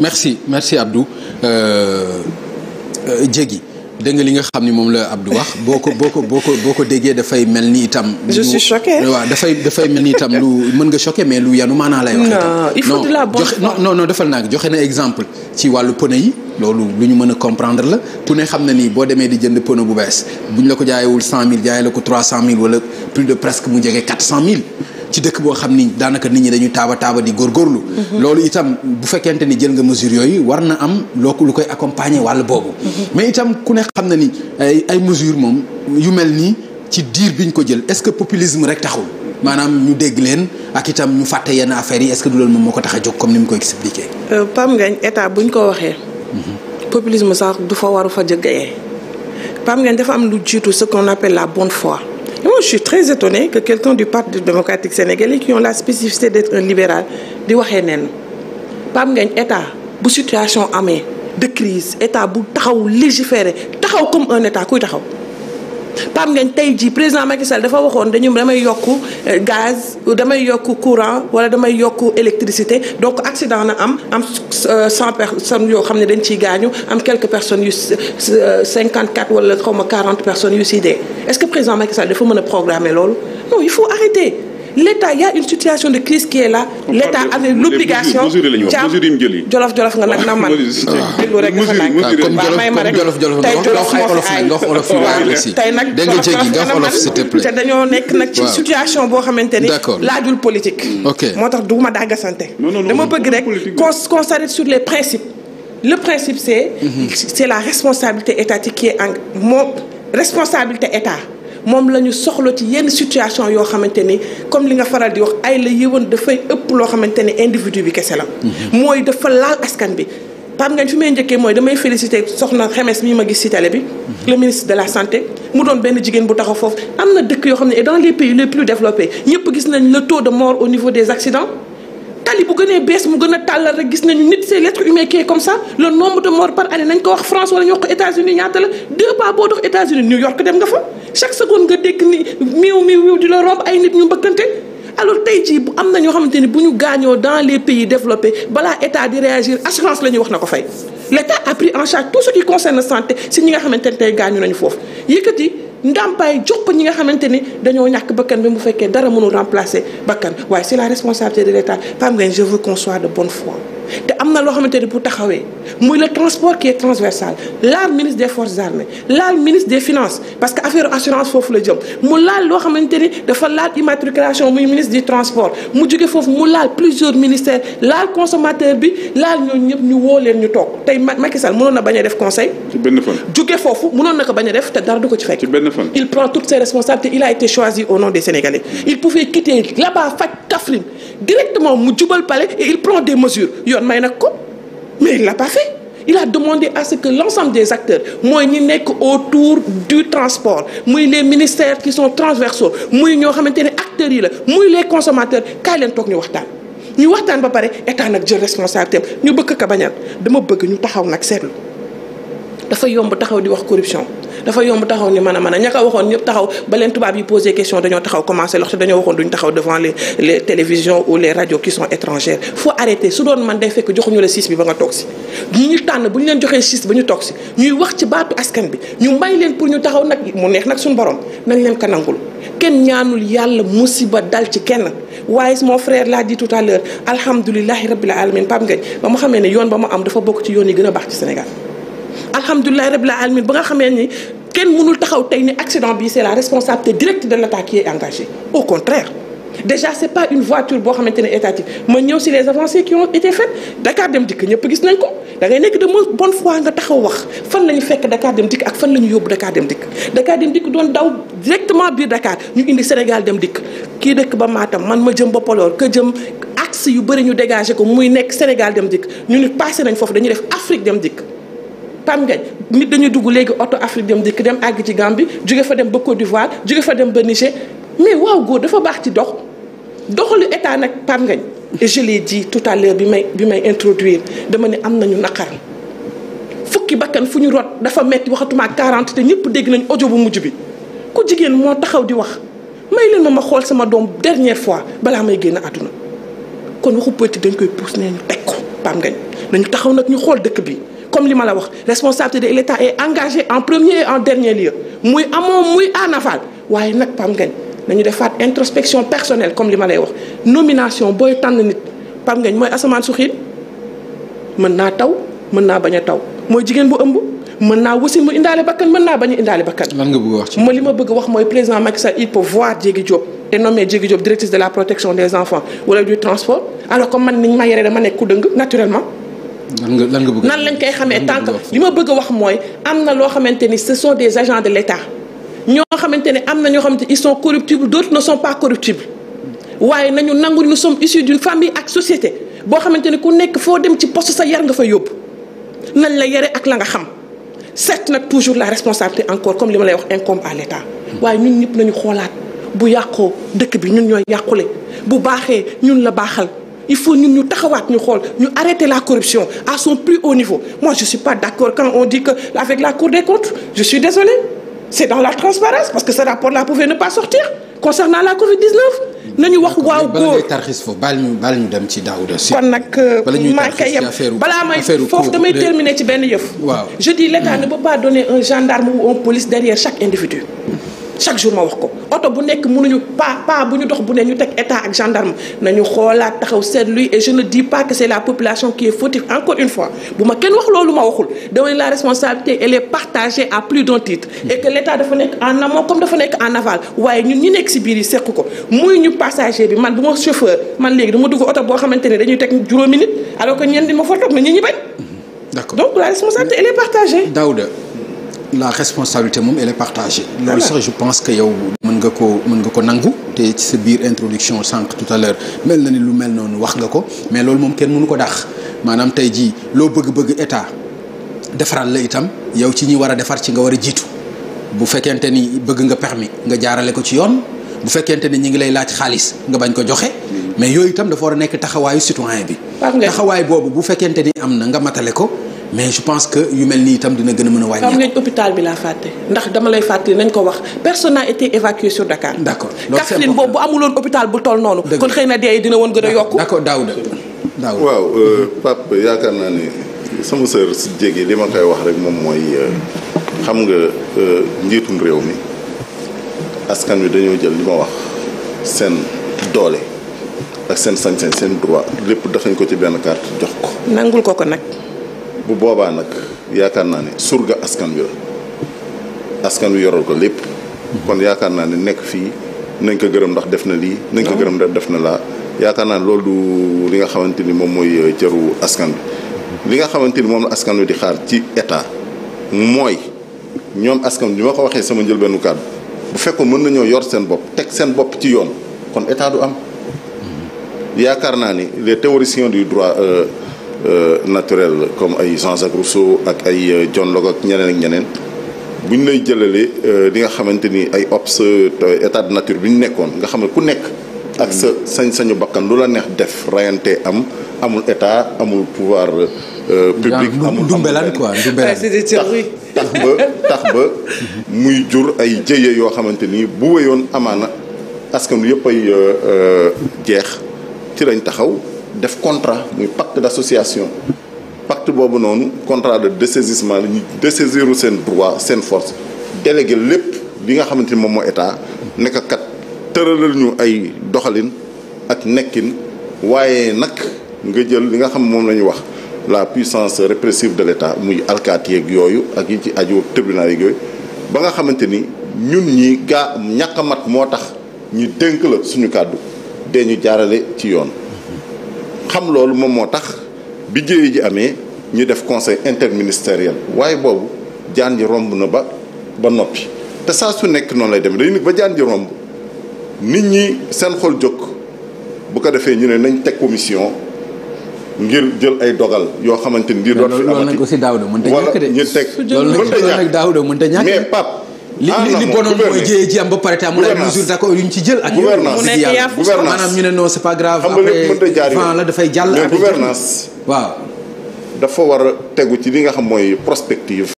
merci merci Abdou euh, euh, Diegui dégg nga li nga xam ni moom la Abdou wax boo ko boo ko boo ko boo ko déggee dafay mel ni itam. je suis choquée waaw dafay dafay mel ni itam lu mën nga choqué mais lu yanu maanaa lay wax. non il la bonne foi non non non defal naa joxe na exemple ci wàllu pneu yi. loolu lu ñu mën a comprendre la ku ne xam na ni boo demee di jënd pneu bu bees bu ñu la ko jaayewul cent mille jaayee la ko trois cent mille wala plus de presque mu jege quatre cent mille. ci dëkk boo xam ni daanaka nit ñi dañuy taaba taaba di góorgóorlu. Mhm. loolu itam bu fekkente ni jël nga mesure yooyu war na am loo lu koy accompagner wàll boobu. Mhm. mais itam ku ne xam na ni ay ay mesures moom yu mel nii ci diir bi ñu ko jël est-ce que populisme rek taxul. maanaam ñu dégg leen ak itam ñu fàtte yenn affaires yi est-ce que du loolu moom moo ko tax a jóg comme ni mu koy expliqué. Euh, PAM ngañ état ñu ko waxee. Mhm. populisme sax du fa waru fa jëggee PAM ngañ dafa am lu jiitu ce qu'on la bonne foi. Non, je suis très étonnée que quelqu'un du Parti démocratique sénégalais qui ont la spécificité d'être un libéral di waxee neen Pape Ngagne état bu situation amee de crise état bu taxaw légiférer taxaw comme un état kuy taxaw Pape Ngagne tey jii président Macky Sall dafa waxoon dañu damay yokk euh, gaz damay yokk courant wala damay yokk électricité donc accident na am am Euh, cent personnes yoo xam ne dañ ci gaañu am quelques personnes yu euh, cinquante quatre wala xaw ma quarante personnes yu si dee est-ce que président Macky Sall dafa mën a programmer lool non il faut arrêter. l'État y a une situation de crise qui est là. l'État avait l'obligation jolof jolof nga nag na man. déglu rek dafa nag waaw may ma rek tey jolof moo fi aay waaw tey nag jolof jolof nga na man te dañoo nekk nag ci situation boo xamante ni. laajul politique. moo tax duguma dàggasante. dama bëgg rek qu'on s'arrête sur les principes. le principe c'est mhm. c'est la responsabilité étatique qui est en moom responsabilité état. moom la ñu soxla ci yenn situation yoo xamante ni comme li nga faral di wax ay la yëwan dafay ëpp loo xamante ni individu bi kese la. Mm-hmm. mooy dafa laal askan bi. Pape Ngagne fi may njëkkee mooy damay féliciter soxna xemes mi ma gis ci télé bi. Mm-hmm. le ministre de la santé mu doon benn jigéen bu taxaw foofu am na dëkk yoo xam ne et dans les pays les plus développés ñëpp gis nañ le taux de mort au niveau des accidents. tali bu gënee bees mu gën a tàllal rek gis nañu nit c'est l'être humain qui est comme ça le nombre de morts par année nañ ko wax France wala ñu wax ko nga fa nit ñu mbëkkante alors tey jii bu am na ñoo xamante ni bu ñu gaañoo dans les pays développés balaa état di réagir assurance la ñuy wax na ko fay l' état a tout ce qui concerne santé si ñi nga xamante ne tey gaañu nañu foofu yëkkati ndàmpaay jox ko ñi nga xamante ni dañoo ñàkk bakkan bi mu fekkee dara mënul remplacer bakkan waaye c'est la responsabilité de l'État Pape Ngagne je veux qu'on de bonne foi te am na loo xamante bu taxawee muy le transport qui transversal laal ministre des forces armées laal ministre des finances parce que affaire assurance foofu la jëm mu laal loo xamante ni laal immatriculation muy ministre du transport mu jóge foofu mu laal plusieurs ministères laal consommateur bi laal ñooñu ñëpp ñu woo leen ñu toog tey Macky Sall mënoon a def conseil. ci benn fan jóge foofu mënoon na ko bañ a def te dara du ko ci fekk. ci benn fan il prend toutes yoon may nag ko mais il l'a pas il a demandé à ce que l'ensemble des acteurs mooy ñi nekk autour du transport muy les ministères qui son transversaux muy ñoo xamante ni acteurs yi la muy les consommateurs kaay leen toog ñu waxtaan ñu waxtaan ba pare état nag jël responsabilité ñu bëgg ka bañal dama bëgg ñu taxaw nag seetlu dafa yomb taxaw di wax corruption dafa yomb taxaw ni mën a mën a ña ko waxoon ñëpp taxaw ba tubaab yi posé question dañoo taxaw commencé lox te dañoo waxoon duñ taxaw devant les les télévisions ou les radios qui sont étrangères arrêter su doon man day fekk joxuñu la siis bi ba nga toog si ñi tànn bu ñu leen joxee siis ba ñu toog si ñuy wax ci baatu askan bi ñu may leen pour ñu taxaw nag mu neex nag suñu borom nañ leen ko kenn ñaanul yàlla musiba dal ci kenn waaye mon l'a dit tout à l'heure yoon ba am dafa bokk yoon yi a baax kenn mënul taxaw tey ne accident bi c'est la responsabilité directe de l'attaque qui est engagée au contraire déjà c'est pas une voiture boo xamante ne étatique ma ñëw ci les avancées qui ont été faites Dakar Dem Dikk ñëpp gis nañ ko da ngay nekk de bonne foi nga taxaw wax fan la ñu fekk Dakar Dem Dikk ak fan la ñu yóbbu Dakar Dem Dikk Dakar Dem Dikk doon daw directement biir Dakar ñu indi Sénégal Dem Dikk kii dëkk ba Matam man ma jëm ba Podor ka jëm axe yu bëri ñu dégagé ko muy nekk Sénégal Dem Dikk ñu ni passé nañ foofu dañuy def Afrique Dem Dikk Pam Ngañ nit dañu dugg léegi oto Afrique dem dikk dem àgg ci Gambie jóge fa dem ba Côte d'Ivoire jóge fa dem ba Niger mais waaw góor dafa baax ci dox doxalu état nag Pam Ngañ et je l'ai dit tout bi may bi may introduire dama ne am nañu naqar fukki bakkan fu ñu rot dafa metti waxatumaa 40 te ñëpp dégg nañ ojo bu mujj bi ku jigéen moo taxaw di wax may leen ma ma xool sama doom dernière fois balaa may génn àdduna kon waxu politique dañ koy pousse nee ñu Ngañ nañu taxaw nag ñu xool dëkk bi comme li ma la wax responsabilité de l'État est engagée en premier et en dernier lieu muy amoon muy en waaye nag Pape Ngagne nañu defaat introspection personnelle comme li ma lay wax nomination booy tànn nit Pape Ngagne mooy asamaan su xiin mën naa taw mën naa bañ a taw mooy jigéen bu ëmb mën naa wasin mu indaale bakkan mën naa bañ a indaale bakkan. lan nga bëgg wax ci. ma li ma bëgg wax mooy président Macky Sall il peut voir Diégui Diop et nommer Diégui Diop directrice de la protection des enfants wala du transport alors que ma yore dama nekk ku lan nga bëgg nan lañ koy xamee tànk li ma bëgg a wax mooy am na loo xamante ni ce sont des agents de l'État ñoo xamante ne am na ñoo xamante ils sont corruptibles d'autres ne sont pas corruptibles waaye nañu nangu nous sommes issus d'une famille ak société boo xamante ni ku nekk foo dem ci poste sa yar nga fa yóbbu nañ la yare ak la nga xam set nag toujours la responsabilité encore comme li ma lay wax incombe à l'État waaye ñun ñëpp nañu xoolaat bu yàqoo dëkk bi ñun ñooy yàqule bu baaxee ñun la baaxal il taxawaat ñu xool ñu arrêter la corruption à son plus haut niveau moi je suis pas d'accord quand on dit que avec la Cour des comptes je suis désolé c'est dans la transparence parce que ce rapport-là ne pas sortir concernant la Covid-19 nañu wax waaw góor bala ñu bala ñu dem ci Daouda si kon nag euh, maa ngi koy yem balaa may foofu damay terminer ci benn yëf je dis l'État mm. ne peut pas donner un gendarme ou un police derrière chaque individu chaque jour ma wax ko oto bu nekk mënuñu pas pas bu ñu dox bu ne ñu teg état ak gendarme nañu xoolaat taxaw seetlu et je ne dis pas c'est la population qui est fautive encore une fois bu ma kenn wax loolu ma waxul damay la responsabilité elle est partagée à plus d'un titre et que l'état dafa nekk en amont comme dafa nekk en aval waaye ñun ñi nekk ci biir yi seq ko muy ñu passager bi man bu ma chauffeur man léegi dama dugg oto boo xamante ne dañuy teg juróomi nit alors que ñeen di ma fa toog na ñi ñi bañ d'accord donc la responsabilité elle la responsabilité moom elle est partagée. sax je pense que yow mën nga ko mën nga ko nangu te ci sa biir introduction sànq tout à l'heure mel na ni lu mel noonu wax nga ko mais loolu moom kenn mënu ko dàq maanaam tey jii loo bëgg-bëgg état defaral la itam yow ci ñi war a defar ci nga war a jiitu bu fekkente ni bëgg nga permis nga jaarale ko ci yoon bu fekkente ni ñu ngi lay laaj xaalis nga bañ ko joxe. mais yooyu itam dafa war a nekk taxawaayu citoyen bi. taxawaay boobu bu fekkente ni am na nga matale ko. mais je pense que yu mel nii itam dina gën a mën a wàññi. xam nga hôpital bi laa fàtte ndax dama lay fàttali nañ ko wax personne n'a été évacué sur Dakar. d' accord loolu Kaffrine boobu bu amuloon hôpital bu toll noonu. kon xëy na dee yi dina woon gën a yokku. d' accord Daouda waaw euh, Pape yaakaar naa ne sama sœur si jéggi li ma koy wax rek moom mooy euh, xam nga euh, njiitum réew mi askan wi dañoo jël li ma wax seen doole ak seen sañ seen droit lépp dafañ ko ci benn carte jox ko. nangul ko ko nag. bu boobaa nag yaakaar naa ne surga askan wi la askan wi yoral ko lépp kon yaakaar naa ne nekk fii nañ ko gërëm ndax def na lii nañ ko ah. gërëm ndax def na laa yaakaar naa ne loolu du li nga xamante ni moom mooy euh, cëru askan bi li nga xamante ni moom la askan wi di xaar ci état mooy ñoom askan bi ma ko waxee sama njëlbeenu kàddu bu fekkoon mën nañoo yor seen bopp teg seen bopp ci yoon kon état du am mm-hmm. yaakaar naa ni les théoriciens di droit euh, Euh, naturel comme ay Jean-Jacques Rousseau ak ay euh, John Locke ak ñeneen ak ñeneen bu ñu lay jëlalee euh, li nga xamante ni ay ops état nature bi ñu nekkoon nga xam ne ku nekk. ak sa sañ-sañu bakkan lu la neex def rayante am amul état amul pouvoir. public amul ndumbelaan quoi ndumbelaan tax ba tax ba muy jur ay jëye yoo xamante ni bu wéyoon amaana askan wi yëpp ay jeex ci lañ taxaw. def contrat muy pacte d'association pacte boobu noonu contrat de dessaisissement la ñu dessaisiru seen droit seen force délégué lépp bi nga xamante ni moom moo état nekk kat tëralal ñu ay doxalin ak nekkin waaye nag nga jël li nga xam moom la ñu wax la puissance répressive de l'État muy alkaati yeeg yooyu ak yi ci aju tribunal yeeg yooyu ba nga xamante ni ñun ñi gaa ñàkk a mat moo tax ñi dénk la suñu kàddu dee ñu jaarale ci yoon xam loolu moom moo tax bi jéye ji amee ñu def conseil interministériel waaye boobu jaan ji romb na ba ba noppi te saa su nekk noonu lay dem dañu nekk ba jaan ji romb nit ñi seen xol jóg bu ko defee ñu ne nañ teg commission ngir jël ay dogal yoo xamante ni. di doon fi amati loolu nañ ko si daaw de mënta ñàkk de. wala ñu teg mais Pape li ah, li bonoon mooy jëye ji am ba pare te amul ay mesures d'accord yu ñu ci jël. ak mu nekk yàlla maanaam ñu ne non c'est pas grave. après vent la dafay jàll. mais gouvernance waaw. dafa war a tegu ci li nga xam mooy prospective.